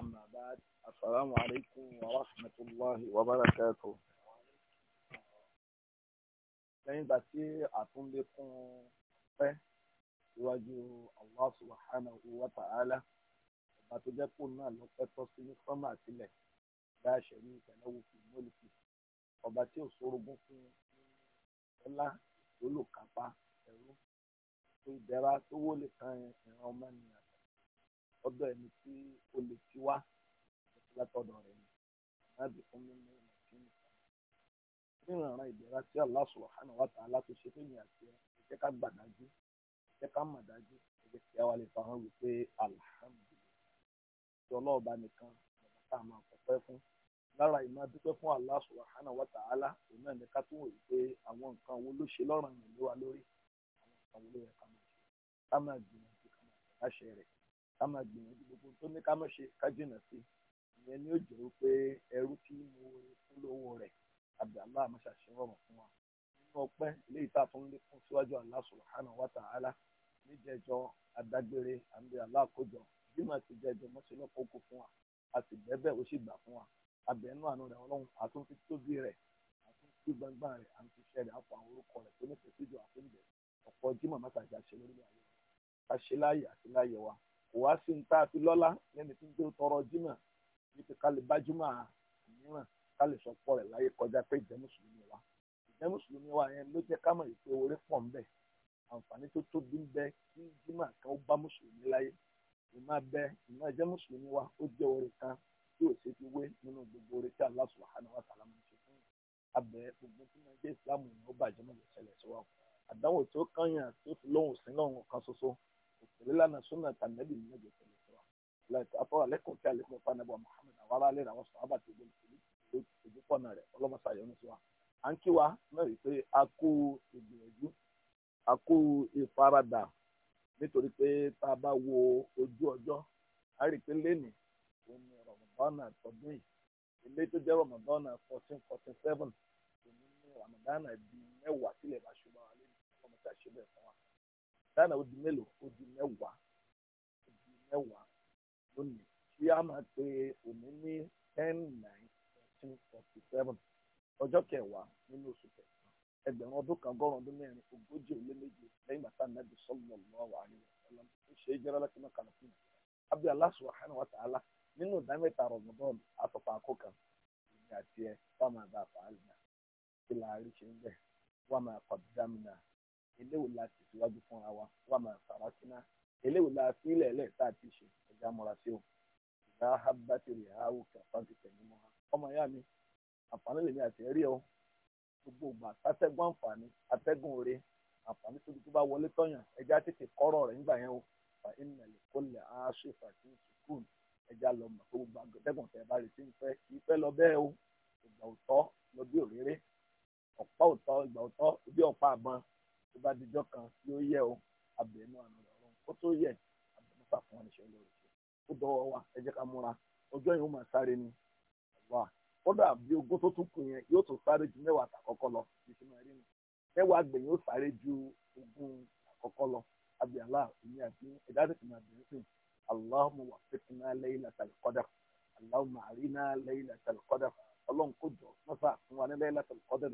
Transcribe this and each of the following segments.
أما بعد السلام عليكم ورحمة الله وبركاته lẹ́yìn ìgbà tí àtúndékún pẹ́ síwájú Allah subhanahu wa ta'ala ọba tó jẹ́ kó náà ló pẹ́ tọ́ sí ní sọ́mà sílẹ̀ bá a ṣe ní ìtẹ̀lẹ́wò fún mọ́lìkì ọba tí ò sorogún fún ọlá olùkápá ẹ̀rú tó ìdẹ́ra tó wọlé kan ìran ọmọnìyàn ọ̀dọ̀ ẹni tí o lè ti wá látọ̀dọ̀ rẹ̀ ni láti fún mi ní ìmọ̀ tí mo fà. níranran ìdẹ̀ra tí Allah subhanahu wa ta'ala tó ṣe fún mi àti ẹ jẹ́ ká gbà dájú jẹ́ ká mọ̀ dájú ẹgbẹ́ tí a wà lè fahàn wípé alhamdulilayi tí ọlọ́ọ̀ba nìkan ọ̀bà tá a máa kọ́pẹ́ fún lára ìmọ̀ dúpẹ́ fún Allah subhanahu wa ta'ala òun náà ní ká tún wò wípé àwọn nǹkan wo ló ṣe lọ́rùn ìlú wa lórí àwọn nǹkan wo ló yẹ ká máa ṣe ká máa gbìyànjú ká máa ṣe láṣẹ rẹ̀ ká máa gbìyànjú gbogbo tó ní ká má ṣe ká jìnnà sí ìyẹn ni ó jẹ́ pé ẹrú tí mo fún lówó rẹ̀ abdullah amáṣàṣe rọrùn fún wa nínú ọpẹ́ ilé ìta tó ń síwájú Allah subhanahu wa ta'ala níjẹjọ adágbére àmì aláàkójọ bímọ àti jẹjọ mọ́ṣẹ́lẹ̀ kókó fún wa àti bẹ́ẹ̀ ó sì gbà fún wa abẹ́nú àánú rẹ̀ ọlọ́run àtúntí tóbi rẹ̀ àtúntí gbangba rẹ̀ àti iṣẹ́ rẹ̀ àpò àwọn orúkọ rẹ̀ tó ní síjọ àtúndẹ̀ ọ̀pọ̀ jimoh mọ́ṣáṣá ṣe lórí ayé wa ká ṣe láàyè àti láàyè wa kò wá sí nta àti lọ́lá lẹ́ni tí ń tó tọrọ jimá ní ti ká lè bá jimá mìíràn ká lè sọ pọ̀ rẹ̀ láyé kọjá pé ìjẹ́ mùsùlùmí wa ìjẹ́ mùsùlùmí wa yẹn ló jẹ́ ká mọ̀ ìpè orí pọ̀ ń bẹ àǹfààní tó tóbi ń bẹ kí jimá kan ó bá mùsùlùmí láyé ìmọ̀ bẹ ìmọ̀ ìjẹ́ mùsùlùmí wa ó jẹ́ orí kan tí ò ṣe fi wé nínú gbogbo orí tí Allah subhanahu wa ta'ala mọ̀ òtẹ̀lé lánàá súnà tànẹ́bì ní ẹ̀jẹ̀ tẹ̀lé sọ̀rọ̀ láìpẹ́ afọ́ alẹ́kùn kí alẹ́kùn na anábọ̀ Muhammad àwọn aráàlẹ́ àwọn sọ̀rọ̀ tó gbọ́n sí ojú pọ̀nà wa a kó ìgbìyànjú a kó ìfaradà nítorí pé tá a bá wo oju ọjọ́ a ni a Ghana na di mélòó ó di mẹ́wàá ó di mẹ́wàá lónìí tí a máa pe òní ní ten nine forty seven ọjọ́ kẹwàá nínú oṣù kẹsàn-án ẹgbẹ̀rún ọdún kan gọ́rùn ọdún mẹ́rin ogójì méje lẹ́yìn bàtà nàbì tó ṣe é lẹ́kìnnà nínú ìdámẹ́ta àtọ̀pọ̀ àkókò tiẹ̀ máa bá a fà á lẹ́yìn kí ṣe ń bẹ̀ máa eléwo la ti síwájú fúnra wa wà máa fara síná eléwo la fi ilẹ̀ ẹlẹ́ tá a ti ṣe ẹja mọ́ra sí o ìdá abatiri àáwò kẹfà ti tẹ̀yìn mọ́ ha ọmọ ìyá mi àǹfààní lèmi àti ẹ̀rí ọ gbogbo ìgbà atẹ́gùn àǹfààní atẹ́gùn oore àǹfààní tó tó bá wọlé tọ̀yàn ẹja tètè kọ́rọ̀ rẹ̀ nígbà yẹn o fà ìmẹ̀lẹ̀ kó lẹ̀ á ṣe fàtí sùkúl ẹja lọ mọ̀ tó gbogbo àgọ́tẹ́gùn tẹ̀ bá retí ń fẹ́ kì í fẹ́ lọ bẹ́ẹ̀ o ìgbà òtọ́ lọ bí òréré ọ̀pá òtọ́ ìgbà òtọ́ bí ọ̀pá àbọn tó bá dijọ́ kan yóò yẹ o abẹnú àná ọlọ́run ó tó yẹ abẹnú fà fún ẹnìṣẹ́ ṣe ó wa ẹ ká múra ọjọ́ yìí ó máa sáré ni wà kódà bí ogún tó tún kù yẹn yóò tún sáré ju mẹ́wàá àtàkọ́kọ́ lọ ìṣúná ni mẹ́wàá gbẹ̀yìn ó sáré ju ogún àkọ́kọ́ lọ máa bẹ̀rẹ̀ sí ọlọ́run kò jọ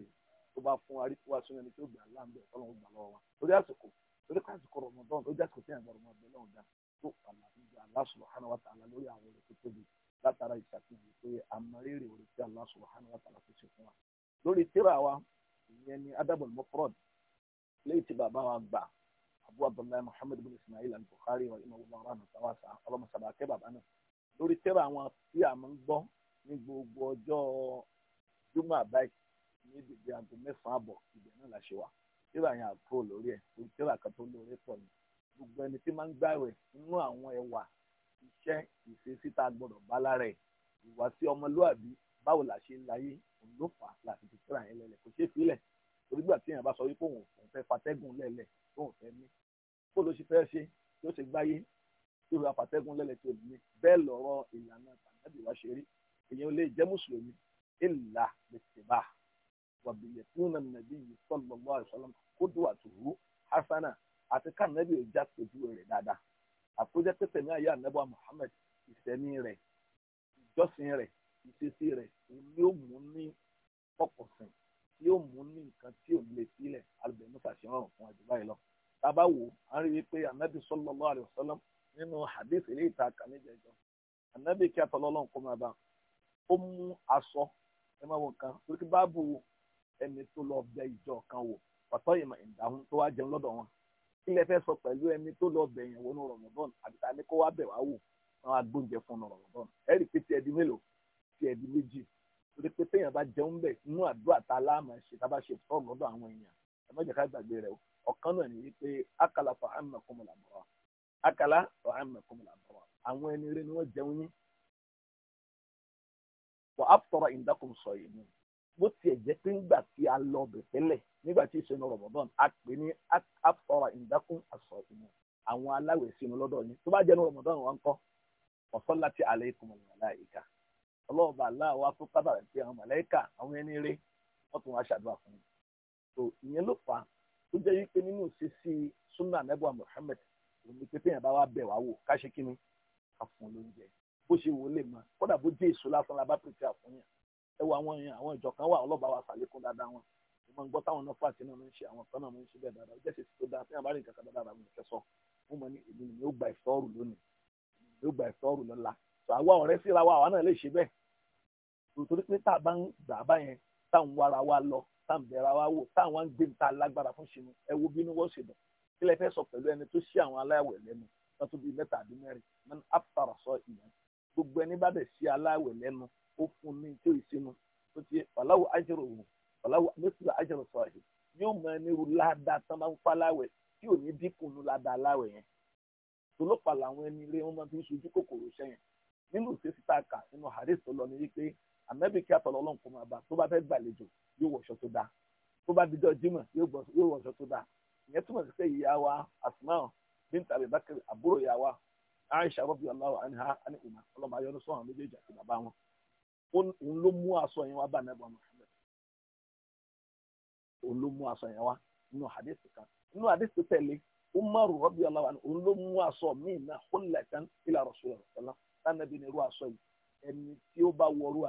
tó bá fún wa rí fún wa sún ẹni tó gbà láǹbẹ̀ ọlọ́run gbà lọ́wọ́ wa lórí àsìkò lórí àsìkò rọmọdán lórí àsìkò tí àgbà rọmọdán lọ́wọ́ dá tó àlàyé Allah subhanahu wa ta'ala lórí àwọn èrè tó tóbi látara ìṣàfihàn pé àmọ́rírì èrè tí Allah subhanahu wa ta'ala tó ṣe fún wa lórí tíra wa ìyẹn ni adabul mufrad lẹ́yìn tí bàbá wa gbà abu abdullahi muhammad bin ismail al-bukhari wa imam umar rahman tawasa ọlọmọ sàbàkẹ́ bàbá náà lórí tíra àwọn tí a máa ń gbọ́ ní gbogbo ọjọ́ jùmọ̀ àbáyé ní dèdè aago mẹ́fà àbọ̀ ibẹ̀ náà la ṣe wà tíra yẹn àpò lórí ẹ̀ tíra kan tó lórí pọ̀ ni gbogbo ẹni tí máa ń gbààwẹ̀ nínú àwọn ẹwà iṣẹ́ ìṣesí a gbọ́dọ̀ bá lára ẹ̀ ìwà sí ọmọlúàbí báwo la ṣe ń láyé òun ló fà á láti fi tíra yẹn lẹ́lẹ̀ kò ṣeé filẹ̀ torí gbà tí èèyàn bá sọ wípé òun òun fẹ́ fatẹ́gùn lẹ́lẹ̀ òun fẹ́ mí kó ló ṣe fẹ́ ṣe tí ó ṣe gbáyé tí ó ra fatẹ́gùn lẹ́lẹ̀ tí ó ní bẹ́ẹ̀ lọ́rọ̀ ìlànà tàbí wá ṣe rí èèyàn lè jẹ́ mùsùlùmí ìlà lè ṣèbáà wàbíyẹ̀tún nàbí yìí sallallahu alaihi wasallam qudwatuhu hasana àti kànáàbì ìjà pẹ̀lú rẹ̀ dáadáa àkójọ pẹ̀sẹ̀ ní ayé ànábọ̀ Muhammad ìsẹ̀mí rẹ̀ ìjọsìn rẹ̀ ìṣesí rẹ̀ ni ó mú ní ọkọ̀sìn tí ó mú ní nǹkan tí ò lè sílẹ̀ alùpùpù fàṣẹwọ̀n fún àjùbá yìí lọ. tábà wò á rí i pé ànábì sallallahu alaihi wasallam nínú hadith ilé ìta kàníjẹjọ ànábì kí atọ́lọ́lọ́ nǹkan máa bá ó mú aṣọ ẹ máa wọ nǹkan torí báàbù ẹni tó lọ bẹ ìjọ kan wò pàtó ìmọ̀ ìdáhùn tó wá jẹun lọ́dọ̀ wọn kí lẹ fẹ́ sọ pẹ̀lú ẹni tó lọ bẹ ìyẹn wọnú rọmọdọ́n àbí ta ni kó wá bẹ̀ wá wò wọn á gbóúnjẹ fún un rọmọdọ́n ẹ pé tiẹ̀ di mélòó tiẹ̀ di méjì torí pé téèyàn bá jẹun bẹ̀ nínú àdúrà ta láàmà ṣe tá a bá ṣe tọ́ lọ́dọ̀ àwọn èèyàn ẹ má jẹ́ ká gbàgbé rẹ̀ ọ̀kan náà ni wọ́n bó tiẹ̀ jẹ́ pé ńgbà tí a lọ bẹ̀ tẹ́lẹ̀ nígbà tí ìṣẹ̀lẹ̀ rọ̀bọ̀dán a pè ní àfọ̀rọ̀ ìdákùn àṣọ ìmọ̀ àwọn aláwẹ̀ sínú lọ́dọ̀ yín tó bá jẹ́ ní rọ̀bọ̀dán wọn kọ́ ọ̀sán láti alẹ́ ìkùnmọ̀ màláìka ọlọ́ọ̀bà aláwa tó kábàrà sí àwọn màláìka àwọn ẹni rẹ wọ́n tún wá ṣàdúrà fún yín tó ìyẹn ló fà tó jẹ́ wípé nínú ìṣesí sunna anabu Muhammad òní pé téèyàn bá wá bẹ̀ wá wò ká ṣe kíni ká fún lóúnjẹ bó ṣe wò ó lè mọ kódà bó jẹ́ èso lásán la bá pèsè àfúnyàn ẹ wo àwọn èèyàn àwọn ìjọ kan wà ọlọ́ba wa sàlékún dáadáa wọn mo máa ń gbọ́ táwọn náà fàtí náà ń ṣe àwọn kan náà ń ṣe bẹ́ẹ̀ dáadáa jẹ́sì tó dáa tí wọ́n nǹkan kan dáadáa mi kẹsọ́ mo ní èmi ni yóò gba ìfọ́ọ̀rù lónìí yóò gba ìfọ́ọ̀rù lọ́la tó àwa ọ̀rẹ́ síra wa àwa náà lè ṣe bẹ́ẹ̀ torí pé tá a bá ń gbà bá yẹn tá à ń wára wa lọ tá à ń bẹ̀rẹ̀ wa wò tá à ń gbé ta lágbára fún ṣinú ẹ wo bínú wọ́n ṣe dùn kí lẹ fẹ́ sọ pẹ̀lú ẹni tó ṣí àwọn aláwẹ̀ lẹ́nu tó tún bíi mẹ́ta àbí mẹ́rin mẹ́ni àpàràsọ ìyẹn gbogbo ẹni bá bẹ̀ ṣí aláwẹ̀ lẹ́nu ó fún ní tí ò sínú tó ti yẹ wàláwò ájọrò òun wàláwò mẹsìlá ájọrò sọ àṣẹ yóò máa nírú ládàá tán máa ń pa láwẹ̀ tí ò ní dínkù nù ládàá láwẹ̀ yẹn tòlópàá làwọn ẹni ilé wọn máa fi ń ṣojú kòkòrò sẹ́yìn nínú ìṣesí tá a kà nínú hadith tó lọ ní wípé ànábì kí àtọ̀lọ́ ọlọ́run kò máa bá tó bá fẹ́ gbàlejò yóò wọṣọ tó dáa tó bá dijọ́ jímọ̀ yóò wọṣọ tó dáa ìyẹn túmọ̀ sí pé ìyá wa Asma bint Abi Bakr àbúrò ìyá wa Aisha radiyallahu anha ani ìmọ̀ ọlọ́mọ ayọ́nu sọ̀rọ̀ méjèèjì àti bàbá wọn òun ló mú wa yẹn wá bá nẹ́bà Muhammad òun ló mú aṣọ yẹn wá nínú hadith kan nínú hadith tẹ̀lé umaru rabi alawa ni òun ló mú aṣọ míì náà hullatan ila rasulillah sallam sanabi ni ti o ba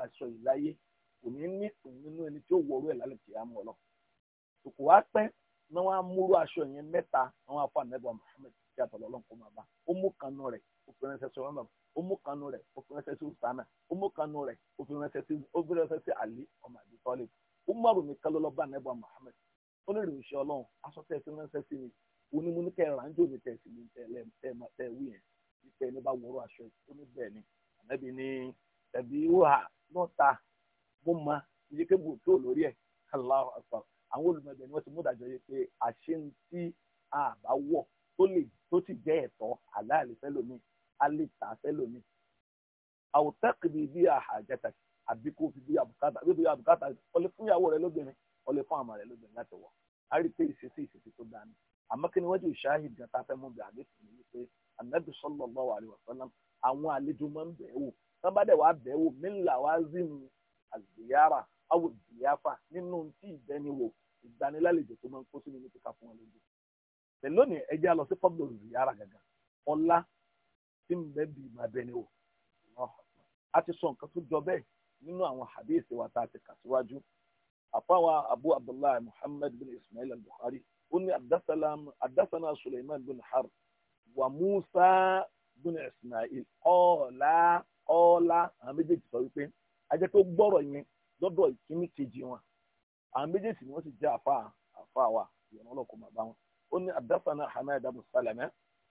na meta na fa Muhammad kan tẹ̀sí ránṣẹ́ sí mi òní mo ní kẹ́ ẹ̀ ránjò ní tẹ̀sí mi tẹ̀lẹ̀ tẹ̀ wí yẹn ìfẹ́ ní bá wọ́rọ̀ aṣọ ẹ̀ tó ní bẹ́ẹ̀ ni ànábì ní ẹ̀bí wà lọ́ta mo ma iye kébù tó lórí ẹ̀ Allahu akbar àwọn olùmọ̀ọ́dẹ ni wọ́n ti mú ìdájọ́ yẹ pé àṣẹ ń tí a bá wọ̀ tó lè tó ti jẹ́ ẹ̀tọ́ aláàlẹ́ fẹ́lómi alẹ́ta fẹ́lómi àwòtẹ́kìbí bí àhàjẹta àbíkó fi bí àbùkátà bí àbùkátà ọ̀lẹ́ fún ìyàwó rẹ lóbìnrin ọ̀lẹ́ fún àmà rẹ lóbìnrin láti wọ̀ a rí i pé ìṣesí ìṣesí tó dáa ni àmọ́ kí ni wọ́n jù ṣáàyìn gan tá a fẹ́ mú bí àdéhùn ni wípé anabi sallallahu alaihi wasallam àwọn àlejò máa ń bẹ̀ẹ́ wò tán bá dẹ̀ wá bẹ̀ẹ́ wò mílà wá zimu àzìyára awò ìdíyáfà nínú tí ìbẹ́niwò ìgbanilálejò tó máa ń kó sínú ní kíkà fún wọn lójú. pẹ̀lú ní ẹjẹ́ a lọ sí pọ́blọ̀ ìdíyára gangan ọlá tí ń bẹ́ bí ìmọ̀ abẹ́niwò. a ti sọ nǹkan tó jọ bẹ́ẹ̀ nínú àwọn hadisi أفوى أبو عبد الله محمد بن إسماعيل البخاري قلنا حدثنا سليمان بن حرب وموسى بن إسماعيل قال قال àwọn méjèèjì sọ wípé ajẹ́ tó gbọ́rọ̀ yẹn lọ́dọ̀ ìkíní kejì wọn àwọn méjèèjì ni wọ́n sì حماد بن سلمة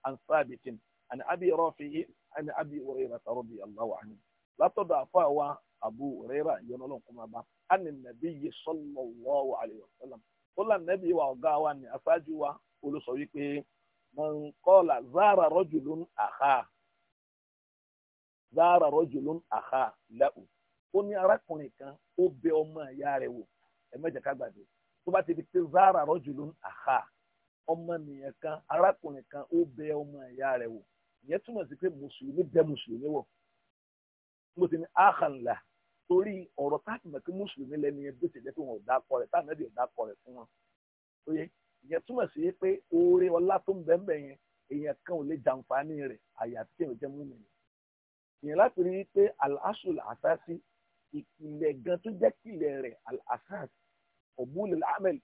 عن ثابت عن أبي رافع عن أبي هريرة رضي الله عنه látọ̀dọ̀ àfáà wa Abu Hurairah ìyọnu ọlọ́run kó máa bá a ní nàbí yìí sallallahu alayhi wa sallam ó là nàbí wa ọ̀gá wa ní aṣáájú wa olùsọ wípé man qala zara rajulun akha zara rajulun akha lẹ́hùn ó ní arákùnrin kan ó bẹ ọmọ ìyá rẹ̀ wò ẹ̀mẹ́jẹ ká gbàdé tó bá ti di pé zara rajulun akha ọmọ nìyẹn kan arákùnrin kan ó bẹ ọmọ ìyá rẹ̀ wò ìyẹn túmọ̀ sí pé mùsùlùmí bẹ mùsùlùmí wò mo ti ní àhànlá torí ọ̀rọ̀ táàkì mọ̀ kí mùsùlùmí lẹ́nu yẹn bó ti jẹ́ pé wọn ò dá kọ rẹ̀ táàmì ẹ̀dì ò dá kọ rẹ̀ fún wọn. ó yẹ ìyẹn túmọ̀ sí pé oore ọlá tó ń bẹ́ẹ̀ yẹn èèyàn kan ò lè jàǹfààní rẹ̀ àyà àti kéèyàn jẹ́ múmi ni. ìyẹn láti rí i pé al-asul asasi ìpìlẹ̀ gan tó jẹ́ kìlẹ̀ rẹ̀ al-asas ọ̀bùnlẹ̀ amẹ́l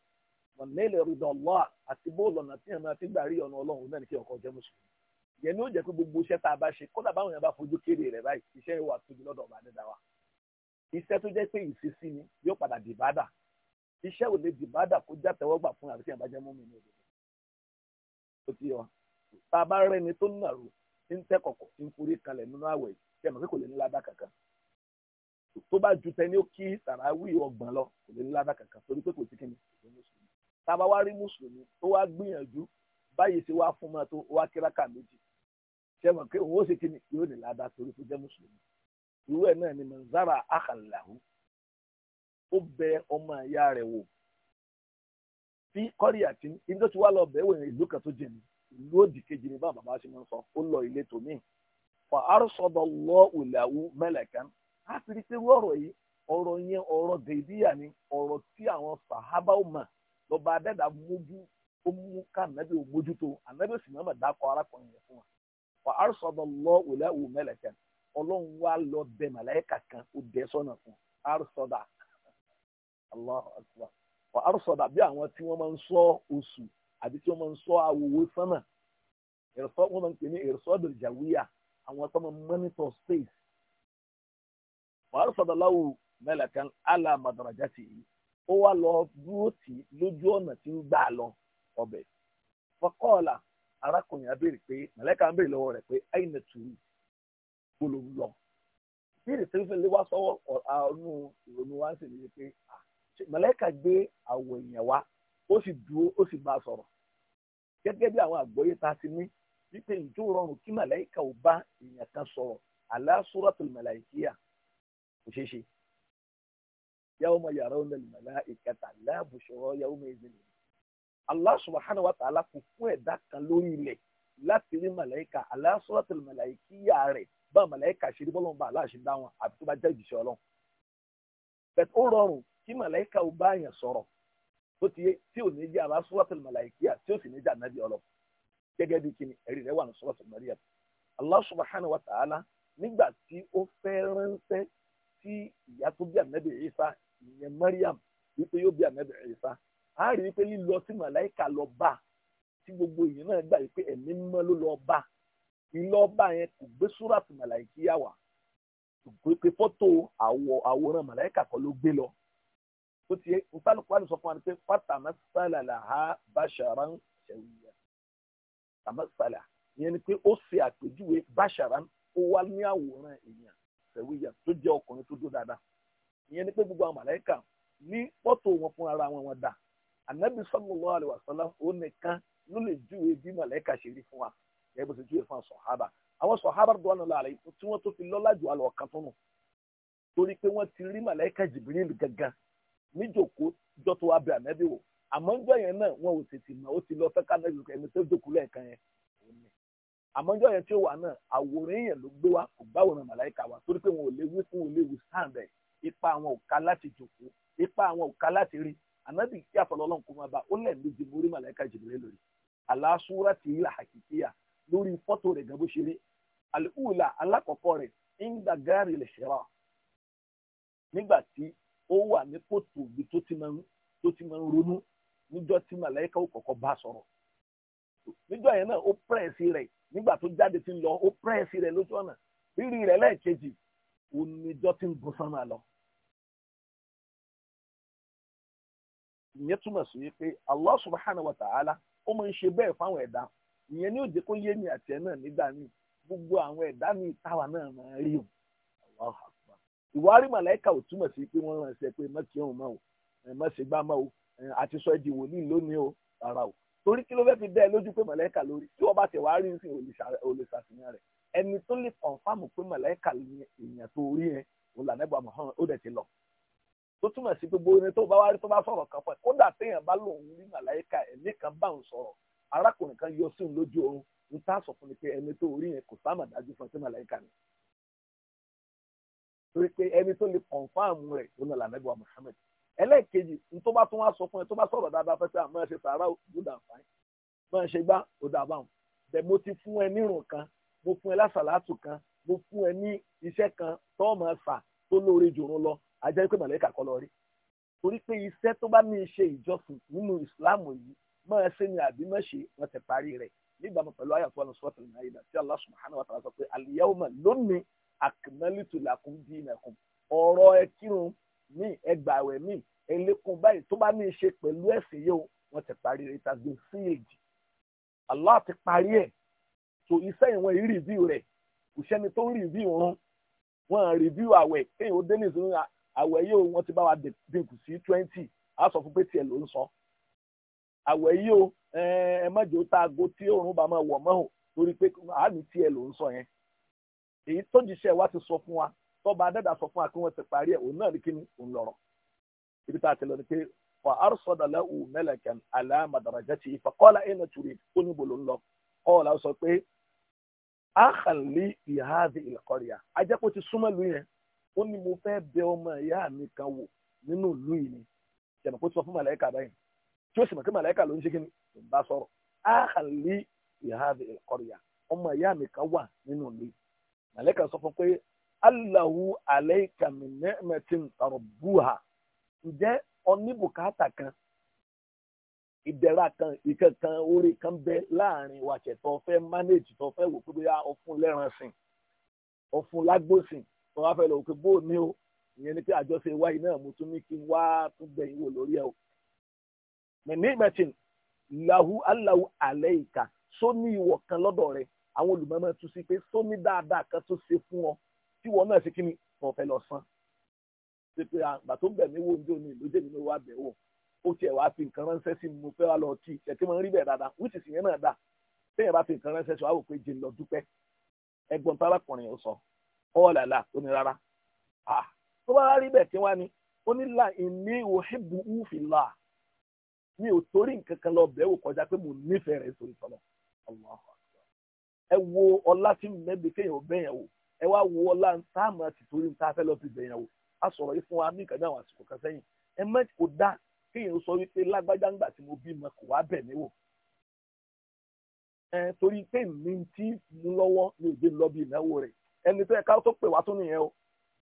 ọ̀nẹ́lẹ̀ rìdọ̀lọ́à àti bóòlù ọ̀nà tí yẹn ní ó jẹ́ pé gbogbo iṣẹ́ tá a bá ṣe kódà báwọn yẹn bá fojú kéré rẹ̀ báyìí iṣẹ́ wà tóbi lọ́dọ̀ ọba dídá wa iṣẹ́ tó jẹ́ pé ìṣesí ni yóò padà dìbàdà iṣẹ́ ò lè dìbàdà kó já tẹ́wọ́gbà fún àbíkẹ́ ìbàjẹ́ mú mi ní òdodo tó ti yọ tá a bá rẹni tó nàró tí ń tẹ́kọ̀kọ̀ tí ń forí kalẹ̀ nínú àwẹ̀ tẹ́ mọ̀ pé kò lè ní ládà kankan tó bá ju tẹni ó kí sàràwì ọgbọ̀n lọ kò lè ní ládà kankan torí pé kò sí kíni tá a bá wá rí mùsùlùmí tó wá gbìyànjú báyìí ṣe wá fún ma tó wá kíráka méjì sẹ́wọ̀n pé òun ó sì kí ni yóò ní ládàá torí tó jẹ́ mùsùlùmí irú ẹ̀ náà ni manzara akalahu ó bẹ ọmọ ìyá rẹ̀ wò tí kọ́rí àti ní tó ti wá lọ bẹ̀ wò ìlú kan tó jẹun ìlú òdì kejì ni bá bàbá ṣe máa ń sọ ó lọ ilé tòmí fa arṣọdọ lọ ìlàwú mẹlẹkan á ti rí pé irú ọ̀rọ̀ yìí ọ̀rọ̀ yẹn ọ̀rọ̀ dèbíyà ni ọ̀rọ̀ tí àwọn sàhábà ò mà lọ́ba adẹ́dà mójú ó mú ká ànábì ò mójútó ànábì ò sì máa dákọ̀ arákùnrin yẹn fún wa. wà á lọ òlà òwò mẹ́lẹ̀kẹ́ ọlọ́run lọ bẹ màláìka kan ó dẹ sọ́nà fún á sọ̀dà so á sọ̀dà bí àwọn tí wọ́n máa ń sọ oṣù àbí tí wọ́n máa ń sọ awòwò sánà ìrẹsọ́ wọ́n máa ń pè ní ìrẹsọ́ dòjàwíyà àwọn tó máa ń monitor space ala madaraja ó lọ dúró tì lójú ọ̀nà tí ń gbà arákùnrin abéèrè pé mọ̀lẹ́ka ń béèrè lọ́wọ́ rẹ̀ pé àyìnà tùrù gbọ́dọ̀ ń lọ. Béèrè tí wọ́n fi lé wá sọ́wọ́ ọ̀nù ìrònú wa ń sì lè pé mọ̀lẹ́ka gbé àwọ̀ èèyàn wá ó sì dúró ó sì bá a sọ̀rọ̀. Gẹ́gẹ́ bí àwọn àgbọ́yé ta ti ní wípé ìjó rọrùn kí mọ̀lẹ́ka ò bá èèyàn kan sọ̀rọ̀ àlá suratul màláìkíyà kò ṣeé ṣe. Yawma yarawna al-mala'ikata la bushra yawma idhin Allah subhanahu wa ta'ala kò fún ẹ̀dá kan lórí ilẹ̀ láti rí màláìka aláṣọ́tìlì màláìkíyà rẹ̀ bá màláìka ṣe rí bọ́lọ́mù bá aláṣẹ dá wọn àbí tó bá jẹ́ ìjìṣẹ́ ọlọ́run. bẹ́ẹ̀ ó rọrùn kí màláìka ò bá yẹn sọ̀rọ̀ tó ti yé tí ò ní jẹ́ aláṣọ́tìlì màláìkíyà tí ó sì ní jẹ́ ànábì ọlọ́run gẹ́gẹ́ bí kíni ẹ̀rí rẹ̀ wà ní suratul a rí i pé lílọ sí màláìka lọ bá tí gbogbo èèyàn náà gbà pé ẹ̀mí mímọ́ ló lọ bá ìlọ bá yẹn kò gbé súràtì màláìkì yà wá kò pé fọ́tò àwọ̀ àwòrán màláìka kan ló gbé lọ tó ti nkálukú àti sọ fún wa pé fatama sálà là ha basharan ṣẹ̀wìyà fatama sálà ìyẹn ni pé ó ṣe àpèjúwe basharan ó wá ní àwòrán èèyàn ṣẹ̀wìyà tó jẹ́ ọkùnrin tó dó dáadáa ìyẹn ni pé gbogbo àwọn màláìka ní fọ́tò wọn fún ara wọn wọn dà anabi sallallahu alaihi wasallam ó nìkan ló lè júwe bí màlẹ́kà ṣe rí fún wa ẹ bó ṣe júwe fún sọ̀hábà àwọn sọ̀hábà dùn àná lára ipò tí wọ́n tó fi lọ́lá jù àlọ́ ọ̀kan tó nù torí pé wọ́n ti rí màlẹ́kà Jibril gangan níjòkó jọ́ tó wá bẹ ànábì wò àmọ́ ń jọ yẹn náà wọn ò tètè mọ̀ ó ti lọ fẹ́ kánà ìlú ẹni tó jòkó lẹ́ẹ̀kan yẹn àmọ́ ń jọ yẹn tí ó wà náà àwòrán yẹn ló gbé wa kò báwòrán màláìka wa torí pé wọn ò lè wí fún wọn ò lè wí sáǹdẹ̀ ipa àwọn òka láti jòkó ipa àwọn òka láti rí ànábì kí àfọlọ́lọ́n kó máa bá ó lẹ̀ méjì mórí màláìka jìbìrẹ́ lórí aláṣúra ti ilà àkìkíyà lórí fọ́tò rẹ̀ gan bó ṣe rí àlùkùlà alákọ̀ọ́kọ́ rẹ̀ ńgbà gáàrí lè ṣẹ́ra nígbà tí ó wà ní kòtò ibi tó ti máa ń ronú níjọ́ tí màláìka ó kọ́kọ́ bá sọ̀rọ̀ níjọ́ yẹn náà ó pẹ́ẹ́sì rẹ̀ nígbà tó jáde ti lọ ó pẹ́ẹ́sì rẹ̀ lójú ọ̀nà rírì rẹ̀ lẹ́ẹ̀kejì òun níjọ́ ti ń bọ́ sánmà lọ ìyẹn túmọ̀ sí wípé Allah subhanahu wa ta'ala ó máa ń ṣe bẹ́ẹ̀ fáwọn ẹ̀dá ìyẹn ní òjẹ́ kó yé mi àti ẹ̀ náà nígbà míì gbogbo àwọn ẹ̀dá mi táwa náà máa rí o ìwárí màláìka ò túmọ̀ sí pé wọ́n rán ẹsẹ̀ pé má kí òun máa o má ṣe gbá máa o àti sọ di wòlíì lónìí o rárá o torí kí ló fẹ́ fi dẹ́ ẹ lójú pé màláìka lórí tí wọ́n bá tẹ̀ wá rí sí olùsàfihàn rẹ̀ ẹni tó lè kọ̀ǹfàmù pé màláìka èèyàn tó rí yẹn òun làǹdẹ́gbà Muhammad ó dẹ̀ ti lọ tó túmọ̀ sí gbogbo ẹni tó bá wá rí tó bá sọ̀rọ̀ kan fún ẹ kódà téèyàn bá lòun rí màláìka ẹ̀mí kan bá òun sọ̀rọ̀ arákùnrin kan yọ sí òun lójú oorun ń tá sọ fún mi pé ẹni tó rí yẹn kò sáàmà dájú fún ẹ sí màláìka ni torí pé ẹni tó lè kọ̀nfáàmù rẹ̀ òun là nẹ́bí wa Muhammad ẹlẹ́ẹ̀kejì ní tó bá tún wá sọ fún ẹ tó bá sọ̀rọ̀ dáadáa fẹ́sẹ̀ àmọ́ ẹ ṣe sàárà òdà fáìn máa ṣe gbá òdà báwọn bẹ́ẹ̀ mo ti fún ẹ nírun kan mo fún ẹ lásàlátù kan mo fún ẹ ní iṣẹ́ kan tó máa fà tó ajẹ́ pé mọ̀lẹ́kà kọ́ lọ rí torí pé iṣẹ́ tó bá ní í ṣe ìjọsìn nínú ìsìláàmù yìí máa ṣe ni àbí má ṣe wọ́n ti parí rẹ̀ nígbà mọ̀ pẹ̀lú àyàtọ̀ ọ̀nà sọ́ọ̀tì nàìjíríà tí Allah subhanahu wa ta'ala sọ pé al-yawma lónìí akmaltu lakum dinakum ọ̀rọ̀ ẹ kírun míì ẹgbàáwẹ̀ míì elékun báyìí tó bá ní í ṣe pẹ̀lú ẹ̀sìn yìí wọ́n ti parí rẹ̀ it has been sealed ti parí ẹ̀ so iṣẹ́ ìwọ̀n yìí rìvíw rẹ̀ kò tó ń rìvíw rún wọ́n rìvíw àwẹ̀ kéèyàn ó dé nìṣó àwẹ̀ yìí o wọ́n ti bá wa dínkù sí twenty a sọ fún pé tiẹ̀ ló ń sọ àwẹ̀ yìí o ẹ má jẹ́ ó ta ago tí òórùn bá máa wọ̀ mọ́ o torí pé àánú tiẹ̀ ló ń sọ yẹn èyí tó jíṣẹ́ wa ti sọ fún wa tọ́ba adẹ́dà sọ fún wa kí wọ́n ti parí ẹ̀ òun náà ní kíni òun lọ́rọ̀ ibi tá a ti lọ ni pé wà á sọdọ̀ lẹ́wù mẹ́lẹ̀kẹ́n àlẹ́ màdàrájà ti ìfà kọ́lá ẹ̀ náà ó níbo ló ń lọ kọ́ọ̀lá sọ pé àkànlí ìhàdì ìlẹ̀kọ́rìà ajẹ́pọ̀ ti súnmọ́ lu yẹn ó ní mo fẹ́ bẹ ọmọ ìyá mi kan wò nínú ìlú yìí ni ṣẹ̀mọ̀ kó sọ fún màláìka báyìí tí ó sì mọ̀ pé màláìka ló ń ṣe kí ni ló ń bá sọ̀rọ̀ áhàlì ìhàdì ìkọrìyà ọmọ ìyá mi kan wà nínú ìlú yìí màláìka sọ fún pé aláwo àlẹ́ka mi nẹ́ẹ̀mẹ́tìn ọ̀rọ̀ búhà ǹjẹ́ oníbùkátà kan ìdẹ̀ra kan ìkankan orí kan bẹ láàrin wàṣẹ tó fẹ́ manage tó fẹ́ wò pé bóyá ọfun lẹ́ran sìn ọfun lágbósìn mo wá fẹ́ lọ òkè bó ní o ìyẹn ni pé àjọṣe wáyé náà mo tún ní kí n wá tún gbẹ̀yìn wò lórí ẹ̀ o. mẹ̀ní mẹ̀tìn lahu alahu alẹ́ ìka só ní ìwọ̀ kan lọ́dọ̀ rẹ̀ àwọn olùmọ̀ọ́mọ́ tún sí pé só dáadáa kan tó ṣe fún ọ tí wọn náà ṣe kí ni wọn fẹ́ lọ san. ṣe pé àgbà tó bẹ̀ mí wo ń jó ni ìlú jẹ́ mi ló wá bẹ̀ wò ó tiẹ̀ wá fi nǹkan ránṣẹ́ sí mi mo fẹ́ wá lọ tí ẹ̀ tí mo ń rí bẹ̀ dáadáa wíṣìṣì yẹn náà dà téèyàn bá fi nǹkan ránṣẹ́ sọ á wò jìn lọ dúpẹ́ ẹgbọ́n tárakùnrin ò sọ ọ̀làlà ó ní rárá ah, tó bá rí bẹ́ẹ̀ tí wá ní ó ní ìní òhìbù ùfìlà mi ò torí nǹkan kan lọ kọjá pé mo nífẹ̀ẹ́ rẹ̀ sórí ẹ wo ọlá tí mẹ́bi kéèyàn ò ẹ wá ń àti torí a fẹ́ lọ fi bẹ̀yẹn wò a sọ̀rọ̀ yìí fún wa ní ìkànnì àwọn àsìkò kan sẹ́yìn ẹ kò kéèyàn sọ wípé lágbájá ńgbà mo bi kò wá bẹ̀ mí ẹni tó yẹ ká tó pè wá tó nìyẹn o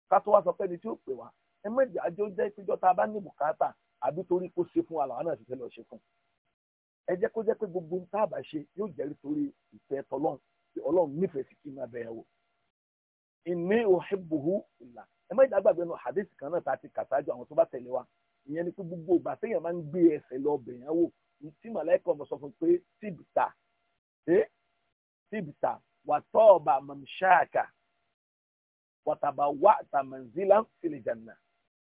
ká tó wá sọ pé ẹni tí ó pè wá ẹ mẹ́jẹ̀ àjọ jẹ́ ìpéjọ tá a bá ní bùkátà àbí torí kó ṣe fún wa làwọn náà ṣiṣẹ́ lọ ṣe fún ẹ jẹ́ kó jẹ́ pé gbogbo ń táàbà ṣe yóò jẹ́rìí torí ìfẹ́ tọlọ́run tí ọlọ́run nífẹ̀ẹ́ sí kí n máa bẹ̀ ẹ́ wò ìní òhìbùhù ìlà ẹ mẹ́jẹ̀ àgbàgbé nu hadith kan náà tá a àwọn tó bá tẹ̀lé wa ìyẹn ni pé gbogbo ìgbà téèyàn máa ń gbé ẹsẹ̀ lọ bẹ̀yàn wò tí màláìkà ọmọ sọ fún pé tíbìtà tíbìtà wà tọ́ọ̀bà mọ̀mṣáàkà wàtàbà wà tàmánzílà fil janna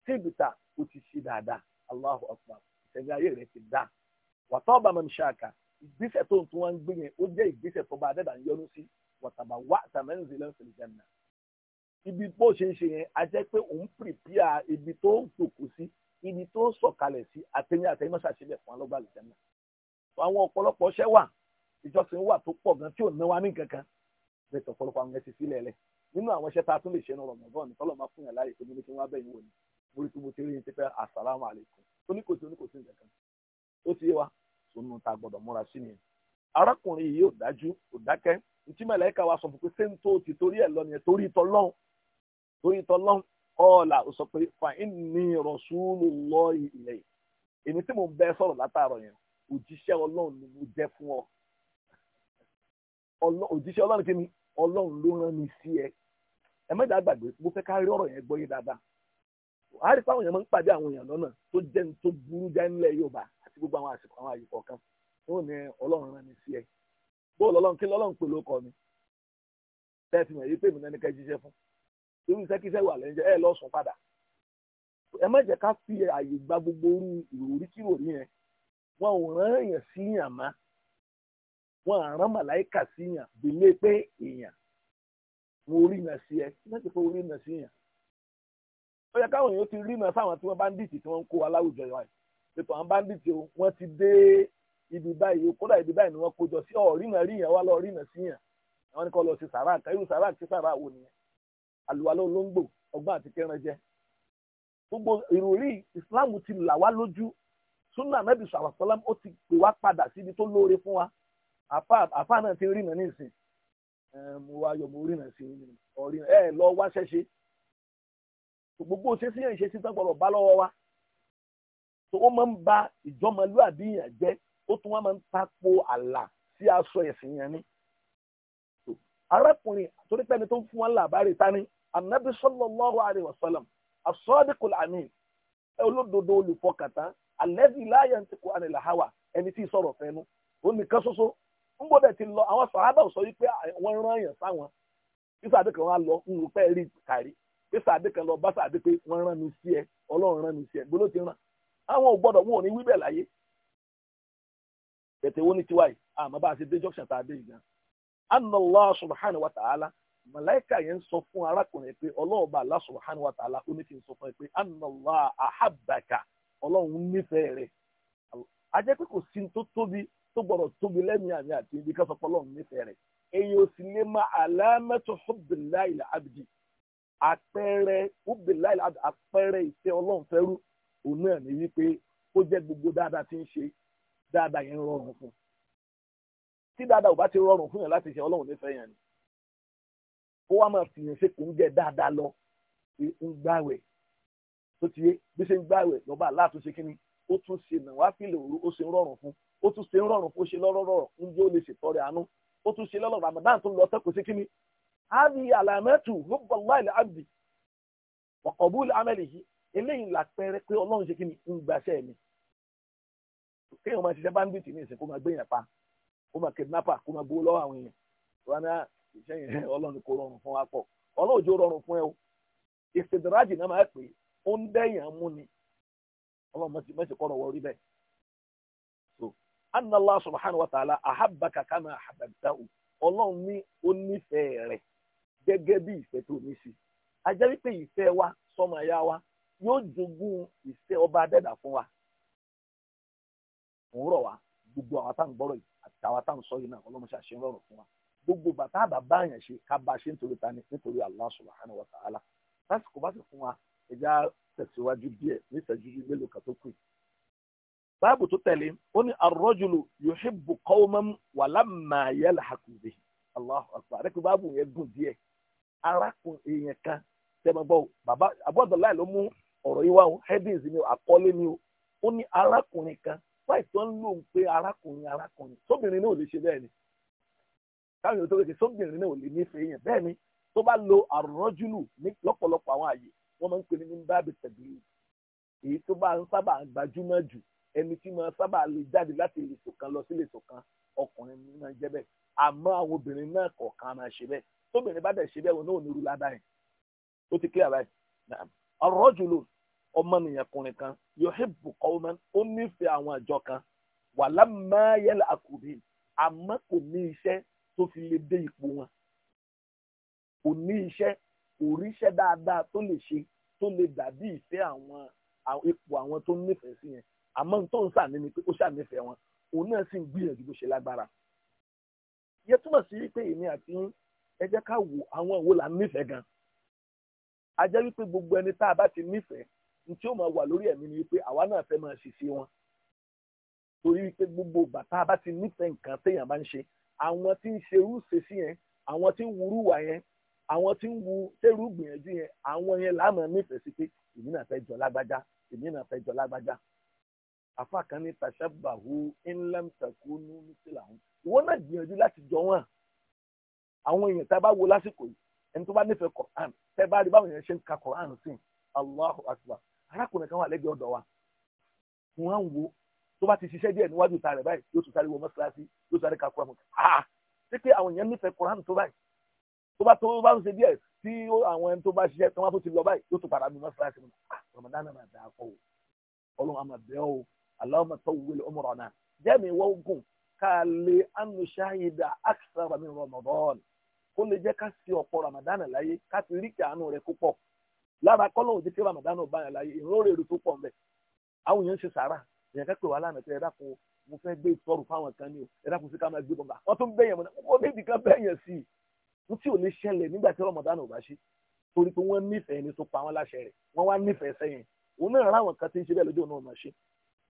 síbìtà o ti ṣe dáadáa Allahu akbar ìṣẹ̀lẹ̀ ayé rẹ̀ ti dá wàtọ́ ọba mamshaka ìgbésẹ̀ tó ń tún wá ń gbé yẹn ó jẹ́ ìgbésẹ̀ tó bá adẹ́dà ń yọnu sí wàtàbà wà tàmánzílà ibi bó ṣe ń ṣe yẹn a jẹ́ pé òun pìrìpìà ibi tó ń tòkù sí ibi tó ń sọ̀kalẹ̀ sí àtẹ̀yìn àtẹ̀yìn náà ṣàṣìlẹ̀ fún alọ́gbà àlùjáná. àwọn ọ̀pọ̀lọpọ̀ ṣẹ́ wà ìjọsìn wà tó pọ̀ gan tí ò náwó ní kankan bẹ́ẹ̀ tó àwọn ẹ̀sìn sílẹ̀ lẹ̀ nínú àwọn iṣẹ́ tá a tún lè ṣe ní rọmọbọ́n ní tọ́lọ̀ máa fún yàn láàyè tó ní kí wọ́n bẹ̀ yín wò ni mo rí tí mo ti rí yín ti fẹ́ àsàlámù àlékún tó ní kò sí oníkò sí nǹkan kan ó ti yé wa tó nù ta gbọ́dọ̀ múra sí nìyẹn arákùnrin yìí ò dájú ò dákẹ́ ntí màláíkà wa sọ fún pé ṣé n tó ti torí ẹ̀ lọ nìyẹn torí tọ́lọ́n torí tọ́lọ́n ọ̀la ó sọ pé ló rán mi sí ẹ ẹ mẹ́ta gbàgbé mo fẹ́ ká rí ọ̀rọ̀ yẹn gbọ́ yé dáadáa a rí fáwọn èèyàn máa ń pàdé àwọn èèyàn lọ́nà tó jẹ́ ní tó burú já ńlẹ̀ Yorùbá àti gbogbo àwọn àsìkò àwọn àyè kọ̀ọ̀kan tó ní Ọlọ́run rán mi sí ẹ bóòlù Ọlọ́run kí lọ́lọ́run pè lóko mi tẹ́ fi mọ̀ yí pé mi náà ní ká jíṣẹ́ fún torí iṣẹ́kíṣẹ́ wà lẹ́yìn ẹ lọ́sùn padà ẹ má jẹ́ ká fi àyè gba gbogbo orú ìròrí tí yẹn wọn ò rán èèyàn sí má wọn àrán màláìkà sí yàn pé èèyàn mo rí nà sí ẹ kí wọ́n ti fọ́ orí nà sí yàn. ó yẹ káwọn èèyàn ti rí nà fáwọn tí wọ́n báńdíìtì tí wọ́n ń kó wa láwùjọ yọ àyè pẹ̀tọ̀ àwọn báńdíìtì wọ́n ti dé ibi báyìí kódà ibi báyìí ni wọ́n kó jọ sí ọ̀rí nà rí yàn wá lọ rí nà sí yàn àwọn nìkan lọ sí sàrà kan irú sàrà kí sàrà wò nìyẹn àlùwà ló ń gbò ọgbọ́n àti kẹran jẹ gbogbo ìròrí ìsìláàmù ti là wá lójú súnà anábì sàrà sọlá ó ti pè wá padà síbi tó lóore fún wa àfa náà ti rí nà ní mo wá yọ mo ríran sí i ọ̀rìnà ẹ lọ wá ṣẹ́ṣe gbogbo ṣe sí yẹn ṣe sí tán gbọdọ̀ bá lọ́wọ́ wa tó ó máa ń ba ìjọmọlúàbí yẹn jẹ́ ó tún wá máa ń tapo àlà sí aṣọ ẹ̀sìn yẹn ni arákùnrin torí pẹ́ni tó ń fún wọn làbárè tani anabi sallallahu alayhi wa sallam asọ́dẹ́kùn amin olódodo olùfọkàtà alẹ́bí láyà ń tẹ̀kọ́ ànilàháwà ẹni tí ì sọ̀rọ̀ fẹ́nu ó nìkan ṣoṣo ńgbọdọ ti lọ àwọn sàhábà sọ wípé wọn rán èèyàn sáwọn sísàdé kan wá lọ ń rí kárí lọ bá sàdé pé rán mi sí ẹ Ọlọ́run rán ni àmọ́ a ṣe dé junction tá a dé yìí gan anàlá wa ta'ala màláìka yẹn ń sọ fún arákùnrin pé alá wa ta'ala ó ní kí n sọ fún ẹ pé ọlọ́run nífẹ̀ẹ́ rẹ̀ tó gbọ́dọ̀ tóbi lẹ́mí àmì àti ibi kan sọpọ́ lọ́run nífẹ̀ẹ́ rẹ̀ èyí ò sì lè máa alámẹ́tò hubbillahi abdi àpẹẹrẹ hubbillahi abdi àpẹẹrẹ ìfẹ́ ọlọ́run fẹ́rú òun náà ní wípé kó jẹ́ gbogbo dáadáa tí ń ṣe dáadáa yẹn rọrùn fún tí dáadáa ò bá ti rọrùn fún yàn láti ṣe ọlọ́run nífẹ̀ẹ́ yẹn ni kó wá máa fìyàn ṣe kò ń jẹ dáadáa lọ ń gbàwẹ̀ tó ti yé bí ṣe ń gbàwẹ̀ lọ́ba aláàtúnṣe kínní ó tún ṣe nàwáfíìlì òru ó ṣe ń rọrùn fún un Otu si nrọrọ ń rọrùn fún ndị lọ́rọ̀rọ̀ ń jẹ́ ó lè ṣètọrẹ àánú Ramadan tó ń lọ kini sí kíni. hubballahi abdi wa qabul amalihi eléyìí làpẹẹrẹ pé ọlọ́run ṣe kíni ń gbaṣẹ́ mi. kéèyàn máa ṣiṣẹ́ bandit ní ìsìn kó máa gbéyàn pa kó máa kidnapper kó máa gbowó lọ́wọ́ àwọn èèyàn wọn á ṣiṣẹ́ ah, yẹn ọlọ́run kò rọrùn fún wa pọ̀ ọlọ́run mọ̀ sí anna allah subhanahu wa ta'ala ahabbaka kama ahabbtahu ọlọ́run ní ó nífẹ̀ẹ́ rẹ̀ gẹ́gẹ́ bí ìfẹ́ tó ní sí a jẹ́ wípé ìfẹ́ wa sọmọ ẹ̀yà wa yóò jogún ìfẹ́ ọba adẹ́dà fún wa òun rọ̀ wá gbogbo àwọn tá à ń gbọ́rọ̀ yìí àti àwọn tá à ń sọ yìí náà ọlọ́run ṣàṣẹ rọrùn fún wa gbogbo bàtà bàbá àyàn ṣe ká bá a ṣe nítorí ta ni nítorí allah subhanahu wa ta'ala lásìkò bá sì fún wa ẹ̀já tẹ̀síwájú díẹ̀ ní ìṣẹ́jú mélòó kù yìí báàbù tó tẹ̀lé ó ní arọ́jùlù yuhibbu qawman wa lamma yalhaqu bihi Allahu akbar rẹ́pì báàbù yẹn gùn díẹ̀ arákùn èèyàn kan tẹ́mọ̀gbọ́ bàbá abọ́dọ̀láì ló mú ọ̀rọ̀ yìí wá o headings ni o àkọlé ni o ó ní arákùnrin kan tó ń lò ń pé arákùnrin arákùnrin sóbìnrin náà ò lè ṣe bẹ́ẹ̀ ni káwọn èèyàn tó sóbìnrin lo ní lọ́pọ̀lọpọ̀ àwọn àyè wọ́n máa ń pè ní tẹ̀gbìlì ẹni tí máa sábà lè jáde láti ìletò kan lọ sí ìletò kan ọkùnrin ni máa jẹ́ bẹ́ẹ̀ àmọ́ àwọn obìnrin náà kọ̀ọ̀kan máa ṣe bẹ́ẹ̀ tóbìnrin bá dẹ̀ ṣe bẹ́ẹ̀ wọn náà ò ní irú ládàá yẹn ó ti clear báyìí ọ̀rọ̀ jùlọ ọmọnìyàn kùnrin kan yuhibbu qauman ó nífẹ̀ẹ́ àwọn àjọ kan walamma yal'aku bihim àmọ́ kò ní iṣẹ́ tó fi lè dé ipò wọn kò ní iṣẹ́ kò ríṣẹ́ dáadáa tó lè ṣe tó lè dàbí ìfẹ́ àwọn ipò àwọn tó nífẹ̀ẹ́ sí yẹn àmọ́ n tó ń sàmì ni pé ó ṣànífẹ̀ẹ́ wọn òun náà sì ń gbìyànjú bó ṣe lágbára yẹ túmọ̀ sí wípé èmi àti ẹ jẹ́ ká wo àwọn òwò là ń nífẹ̀ẹ́ gan a jẹ́ wípé gbogbo ẹni tá a bá ti nífẹ̀ẹ́ ní tí ó máa wà lórí ẹ̀mí ni wípé àwa náà fẹ́ máa ṣiṣẹ́ wọn torí wípé gbogbo ìgbà tá a bá ti nífẹ̀ẹ́ nǹkan téèyàn bá ń ṣe àwọn tí ń ṣerú ṣèṣì yẹn àwọn tí ń wúrú wà yẹn àwọn tí ń wu tẹ́rù gbìyànjú yẹn àwọn yẹn láàmú nífẹ̀ẹ́ sí pé èmi náà fẹ́ jọ lágbájá èmi náà fẹ́ jọ lágbájá afa kan ní tashabahu inlam takunu mithilahum ìwọ náà gbìyànjú láti jọ wọn àwọn èèyàn tá a bá wo lásìkò yìí ẹni tó bá nífẹ̀ẹ́ Quran tẹ́ bá rí báwọn èèyàn ṣe ń ka Quran sí Allahu akbar arákùnrin kan wà lẹ́gbẹ̀ẹ́ ọ̀dọ̀ wa wọ́n á wo tó bá ti ṣiṣẹ́ díẹ̀ níwájú ta rẹ̀ báyìí yóò tún sáré wọ mọ́ṣáláṣí yóò sáré ka Quran ah ṣé pé àwọn èèyàn nífẹ̀ẹ́ Quran tó báyìí tó bá tó bá ń ṣe díẹ̀ tí àwọn ẹni tó bá ṣiṣẹ́ tí wọ́n tó ti lọ báyìí yóò tún padà nu mọ́ṣáláṣí اللهم طول عمرنا jẹ́mi wọ́gùn ká lè anuṣáhìdà aksara min Ramadan kó lè jẹ́ ká sí ọ̀pọ̀ Ramadan láyé ká ti rí kàánú rẹ̀ púpọ̀ lára kọ́lọ́ òjì kí Ramadan bá yàn láyé ìró rèrè tó pọ̀ ń bẹ̀ àwọn èèyàn ń ṣe sàárà èèyàn kẹ́kọ̀ọ́ wà lánàá tẹ ẹ dákun mo fẹ́ gbé ìtọ́rù fáwọn kan ní o ẹ dákun sí ká máa gbé bọ̀m̀bà wọ́n tún bẹ̀yàn mọ́ ó débi kan bẹ̀yàn sí i n tí ò lè ṣẹlẹ̀ nígbà tí Ramadan ò bá ṣe torí pé wọ́n nífẹ̀ẹ́ ni tó pa wọ́n láṣẹ rẹ̀ wọ́n wá nífẹ̀ẹ́ sẹ́yìn òun náà ráwọn kan ti ń ṣe bẹ́ẹ̀ lójú òun náà máa ṣe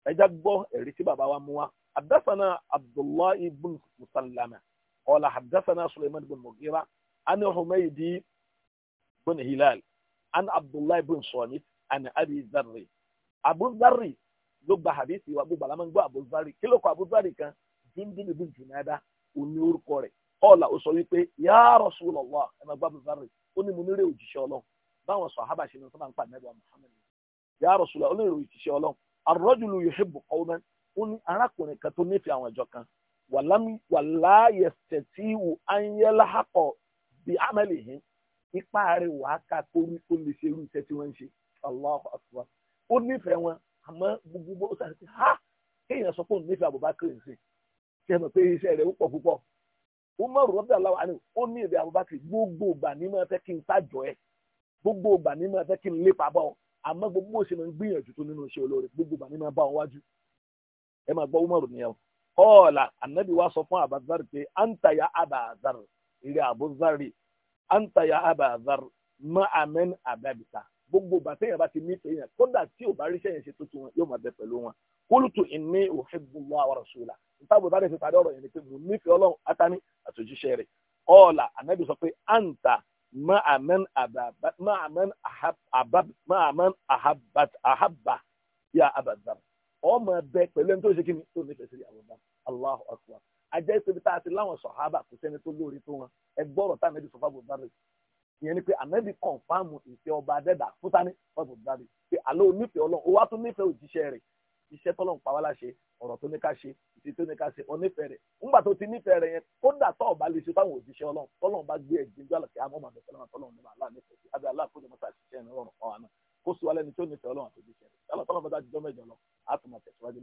ẹja gbọ́ ẹ̀rí tí bàbá wa mú wa haddathana abdullahi ibn musallama qala haddathana suleiman ibn mugira an humaydi ibn hilal an abdullahi ibn sonit an abi zarri abu zarri ló gba hadisi wa gbogbo alamọ gbọ abu zarri kí ló kọ abu zarri kan jundun ibn junada òní orúkọ rẹ̀ qala ó sọ wípé ya rasulallah ẹ máa gbọ́ abu zarri ó ní mo nílé òjíṣẹ́ ọlọ́run báwọn sọ̀hábà ṣe ní sọ́mà ń pàdé ẹ̀dọ̀ Muhammad ya Rasulullah olórí òjíṣẹ́ ọlọ́run arọ́jùlù yuhibbu qawman ó ní arákùnrin kan tó nífẹ̀ẹ́ àwọn ìjọ kan wàlá yastati'u an yalhaqa bi amalihim ipa rẹ̀ wàá kà torí ó lè ṣe irú iṣẹ́ tí wọ́n ń ṣe Allahu akbar ó nífẹ̀ẹ́ wọn àmọ́ gbogbo ó sàn sí ha kéèyàn sọ pé òun nífẹ̀ẹ́ Abubakar ń sìn ṣe mọ̀ pé iṣẹ́ rẹ̀ ó pọ̀ púpọ̀ Umar radiyallahu anhu ó ní èdè Abubakar gbogbo ìgbà ní máa fẹ́ kí n sájọ ẹ gbogbo ìgbà ní máa fẹ́ kí n lépa bọ́ àmọ́ gbogbo bó ṣe máa ń gbìyànjú tó nínú iṣẹ́ olóore gbogbo bàmí máa bá wọn wájú ẹ máa gbọ́ umaru nìyẹn kọ́ọ̀là anabi wa sọ fún abazar pé antaya abazar ìrẹ abuzari antaya abazar ma amen ababita gbogbo bàtẹ́ yẹn bá ti ní ìfẹ́ yẹn kódà tí ò bá ríṣẹ́ yẹn ṣe tó tún wọn yóò máa bẹ pẹ̀lú wọn kólútù ìní òhìbùwà wa rasula nta bùbá rẹ̀ fi parí ọ̀rọ̀ yẹn ni pé mo nífẹ̀ẹ́ ọlọ́run atani àtòjíṣẹ́ rẹ̀ kọ́ọ̀là anabi sọ pé anta ma'aman ababa ma'aman ahab abab ma'aman ahabat ahabba ya abadar ọmọ ẹbẹ pẹ̀lú ẹni tó ṣe kíni tó nífẹ̀ẹ́ sí àbúdá Allahu akbar ajá ìpèbí tá a ti láwọn sọhábà kò sẹ́ni tó lórí tó wọn ẹgbọrọ tá ànábì sọfà bò dáre ìyẹn ni pé ànábì kọǹfàmù ìfẹ́ ọba adẹdà fúta ní fọbò dáre pé àlọ onífẹ̀ẹ́ Ọlọ́run ó wá tún nífẹ̀ẹ́ òjíṣẹ́ rẹ̀ iṣẹ́ tọ́lọ̀ ń pa wá láṣẹ ọ̀rọ̀ tó ní ká ṣe ìṣe tó ní ká ṣe onífẹ̀ẹ́ rẹ̀ ńgbà tó ti nífẹ̀ẹ́ rẹ̀ yẹn kódà tó ọba lè ṣe fáwọn òṣìṣẹ́ ọlọ́run tọ́lọ̀ bá gbé ẹ̀jẹ̀ ju àlọ́kẹ́ àmọ́ màmí fẹ́ràn tọ́lọ̀ ní màlá nífẹ̀ẹ́ sí abẹ́ aláàkóso mọ́tà ṣiṣẹ́ ìrọ̀rùn ọ̀hánà kó sùn alẹ́ ni tó nífẹ̀ẹ́ ọlọ́run àti òṣìṣẹ́ rẹ̀ tọ́lọ̀ tọ́lọ̀ bá dájú jọ́mẹ́jọ lọ àtúmọ̀ tẹ̀síwájú